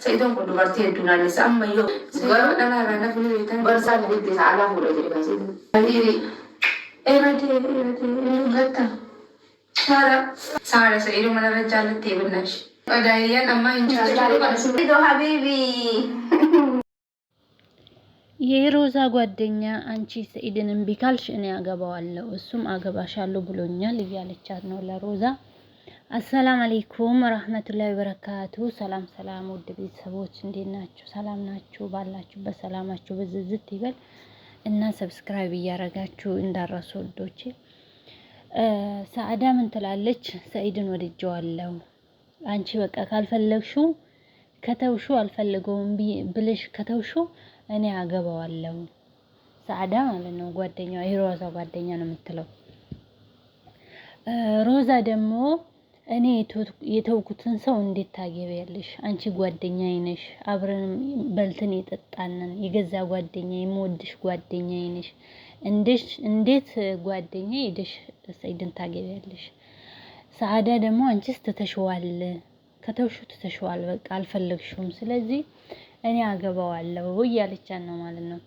Sa'idoon kun dubartii hedduudhaanis amma yoo garuu dhalaa irraa nafi beekan barsaa dhibbitti isaa alaa fuudha jedhe kaasee. Hiriiri eeratee eeratee eegatta saara saara sa'idoo manarra jaalattee binnash. Odaayyaan amma hin jaalatu. Idoo habibi. የሮዛ ጓደኛ አንቺ ሰኢድን እምቢ ካልሽ እኔ አገባዋለሁ እሱም አገባሻለሁ ብሎኛል እያለቻት ነው ለሮዛ አሰላም አለይኩም ረህመቱላሂ በረካቱ። ሰላም ሰላም፣ ውድ ቤተሰቦች እንዴት ናችሁ? ሰላም ናችሁ? ባላችሁበት ሰላማችሁ ብዝዝት ይበል እና ሰብስክራይብ እያረጋችሁ እንዳረሱ ወዶቼ። ሰአዳ ምን ትላለች? ሰኢድን ወድጀዋለሁ፣ አንቺ በቃ ካልፈለግሹ ከተውሹ፣ አልፈልገውም ብልሽ ከተውሹ እኔ አገባዋለሁ። ሰአዳ ማለት ነው ጓደኛዋ፣ የሮዛ ጓደኛ ነው የምትለው ሮዛ ደግሞ እኔ የተውኩትን ሰው እንዴት ታገቢያለሽ? አንቺ ጓደኛዬ ነሽ፣ አብረን በልትን የጠጣንን የገዛ ጓደኛ የምወድሽ ጓደኛዬ ነሽ። እንዴት ጓደኛ ሄደሽ ሰኢድን ታገቢያለሽ? ሰአዳ ደግሞ አንቺስ ትተሽዋል፣ ከተውሹ ትተሽዋል፣ በቃ አልፈለግሽውም። ስለዚህ እኔ አገባዋለሁ እያለቻን ነው ማለት ነው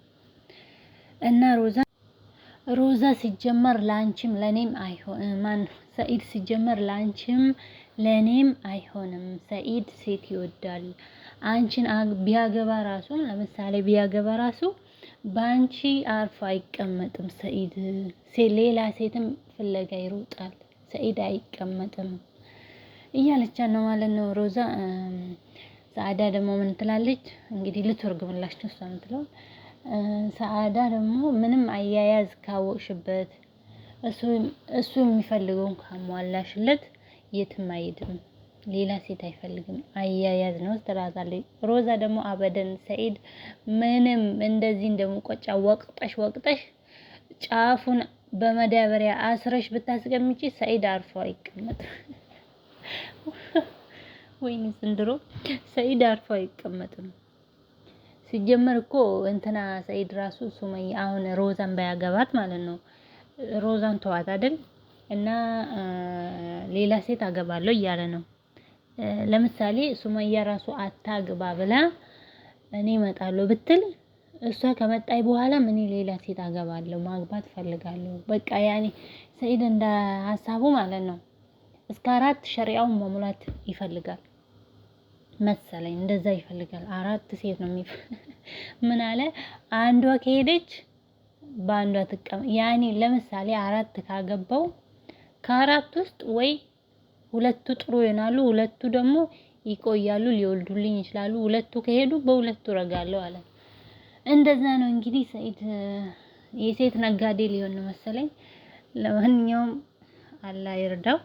እና ሮዛ ሮዛ ሲጀመር ለአንቺም ለኔም አይሆንም። ማን ሰኢድ ሲጀመር ለአንቺም ለኔም አይሆንም። ሰኢድ ሴት ይወዳል። አንቺን ቢያገባ ራሱ ለምሳሌ ቢያገባ ራሱ በአንቺ አርፎ አይቀመጥም። ሰኢድ ሌላ ሴትም ፍለጋ ይሮጣል። ሰኢድ አይቀመጥም እያለቻ ነው ማለት ነው ሮዛ። ሰአዳ ደግሞ ምን ትላለች እንግዲህ ልትወርግምላችሁ እሷ ምትለው ሰአዳ ደግሞ ምንም አያያዝ ካወቅሽበት እሱ የሚፈልገውን ካሟላሽለት የትም አይሄድም። ሌላ ሴት አይፈልግም። አያያዝ ነው ትላታለች ሮዛ ደግሞ አበደን ሰኢድ ምንም እንደዚህ እንደሙቆጫ ወቅጠሽ ወቅጠሽ ጫፉን በመዳበሪያ አስረሽ ብታስቀምጪ ሰኢድ አርፎ አይቀመጥም። ወይኔ ዘንድሮ ሰኢድ አርፎ አይቀመጥም። ሲጀመር እኮ እንትና ሰኢድ ራሱ ሱመያ አሁን ሮዛን ባያገባት ማለት ነው። ሮዛን ተዋት አይደል እና ሌላ ሴት አገባለሁ እያለ ነው። ለምሳሌ ሱመያ ራሱ አታግባ ብላ እኔ እመጣለሁ ብትል እሷ ከመጣይ በኋላ እኔ ሌላ ሴት አገባለሁ ማግባት ፈልጋለሁ። በቃ ያኔ ሰኢድ እንደ ሀሳቡ ማለት ነው። እስከ አራት ሸሪያውን መሙላት ይፈልጋል። መሰለኝ እንደዛ ይፈልጋል። አራት ሴት ነው የሚፈ ምን አለ አንዷ ከሄደች በአንዷ ትቀም ያኔ ለምሳሌ አራት ካገባው ከአራት ውስጥ ወይ ሁለቱ ጥሩ ይሆናሉ፣ ሁለቱ ደግሞ ይቆያሉ፣ ሊወልዱልኝ ይችላሉ። ሁለቱ ከሄዱ በሁለቱ ረጋለሁ አለ። እንደዛ ነው እንግዲህ ሰኢድ የሴት ነጋዴ ሊሆን መሰለኝ። ለማንኛውም አላህ ይርዳው።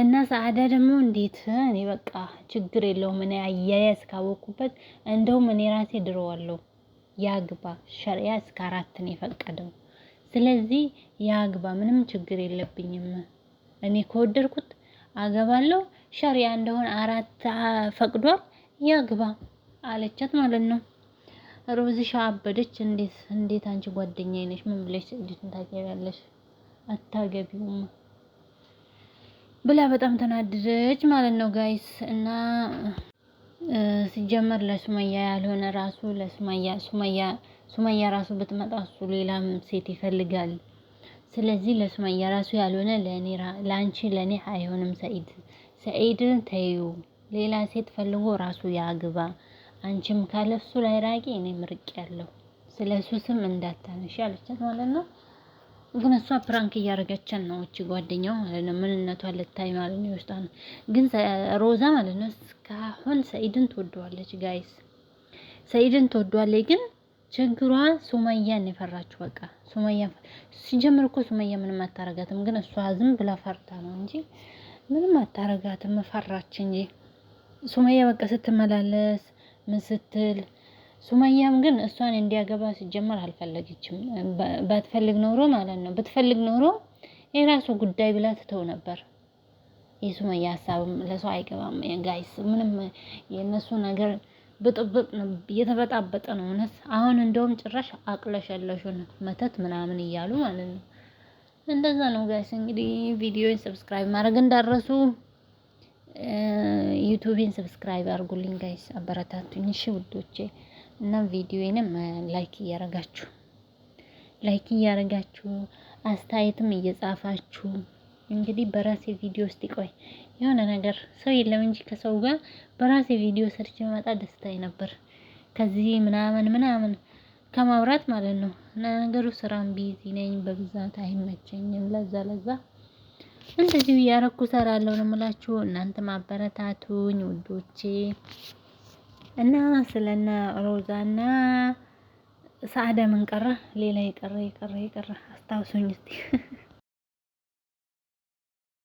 እና ሰዓዳ ደግሞ እንዴት እኔ በቃ ችግር የለውም እኔ አያያዝ ካወቅኩበት እንደውም እኔ ራሴ ድሮዋለሁ። ያግባ ሸሪያ እስከ አራት ነው የፈቀደው። ስለዚህ ያግባ ምንም ችግር የለብኝም። እኔ ከወደድኩት አገባለሁ። ሸሪያ እንደሆነ አራት ፈቅዷል ያግባ አለቻት ማለት ነው። ሮዝሻ አበደች። እንዴት እንዴት አንቺ ጓደኛዬ ነሽ ምን ብለሽ ልጅን ታገቢያለሽ? አታገቢውም ብላ በጣም ተናደደች ማለት ነው ጋይስ። እና ሲጀመር ለሱመያ ያልሆነ ራሱ ለሱመያ ሱመያ ሱመያ ራሱ ብትመጣ እሱ ሌላም ሴት ይፈልጋል። ስለዚህ ለሱመያ ራሱ ያልሆነ ለኔ ለአንቺ ለኔ አይሆንም። ሰኢድ ሰኢድን ተዩ፣ ሌላ ሴት ፈልጎ ራሱ ያግባ። አንቺም ካለሱ ላይ ራቂ፣ እኔም ርቄያለሁ። ስለ እሱ ስም እንዳታነሺ አለቻት ማለት ነው። ግን እሷ ፕራንክ እያደረገችን ነው። እቺ ጓደኛው ማለት ነው ምንነቷ ልታይ ማለት ነው ይወስጣል። ግን ሮዛ ማለት ነው እስካሁን ሰኢድን ትወደዋለች። ጋይስ ሰኢድን ትወደዋለች። ግን ችግሯ ሱመያን የፈራችሁ በቃ ሱመያ ሲጀምር እኮ ሱመያ ምንም አታረጋትም። ግን እሷ ዝም ብላ ፈርታ ነው እንጂ ምንም አታረጋትም። ፈራች እንጂ ሱመያ በቃ ስትመላለስ ምን ስትል ሱመያም ግን እሷን እንዲያገባ ሲጀመር አልፈለገችም። ባትፈልግ ኖሮ ማለት ነው። ብትፈልግ ኖሮ የራሱ ጉዳይ ብላ ትተው ነበር። የሱመያ ሀሳብም ለሰው አይገባም። ጋይስ ምንም የእነሱ ነገር ብጥብጥ ነው፣ እየተበጣበጠ ነው እውነት። አሁን እንደውም ጭራሽ አቅለሸለሹን መተት ምናምን እያሉ ማለት ነው። እንደዛ ነው ጋይስ። እንግዲህ ቪዲዮን ሰብስክራይብ ማድረግ እንዳረሱ ዩቱብን ሰብስክራይብ አድርጉልኝ ጋይስ፣ አበረታቱኝ። እሺ ውዶቼ እና ቪዲዮዬንም ላይክ እያረጋችሁ ላይክ እያረጋችሁ አስተያየትም እየጻፋችሁ እንግዲህ በራሴ ቪዲዮ ውስጥ ቆይ የሆነ ነገር ሰው የለም እንጂ ከሰው ጋር በራሴ ቪዲዮ ሰርች መጣ ደስታዬ ነበር። ከዚህ ምናምን ምናምን ከማውራት ማለት ነው። ነገሩ ስራም ቢዚ ነኝ በብዛት አይመቸኝም። ለዛ ለዛ እንደዚሁ እያረኩ ሰራለሁ ነው የምላችሁ። እናንተ ማበረታቱኝ ውዶቼ። እና ስለነ ሮዛና ሰአዳ ምን ቀረ? ሌላ የቀረ የቀረ የቀረ አስታውሱኝ እስቲ።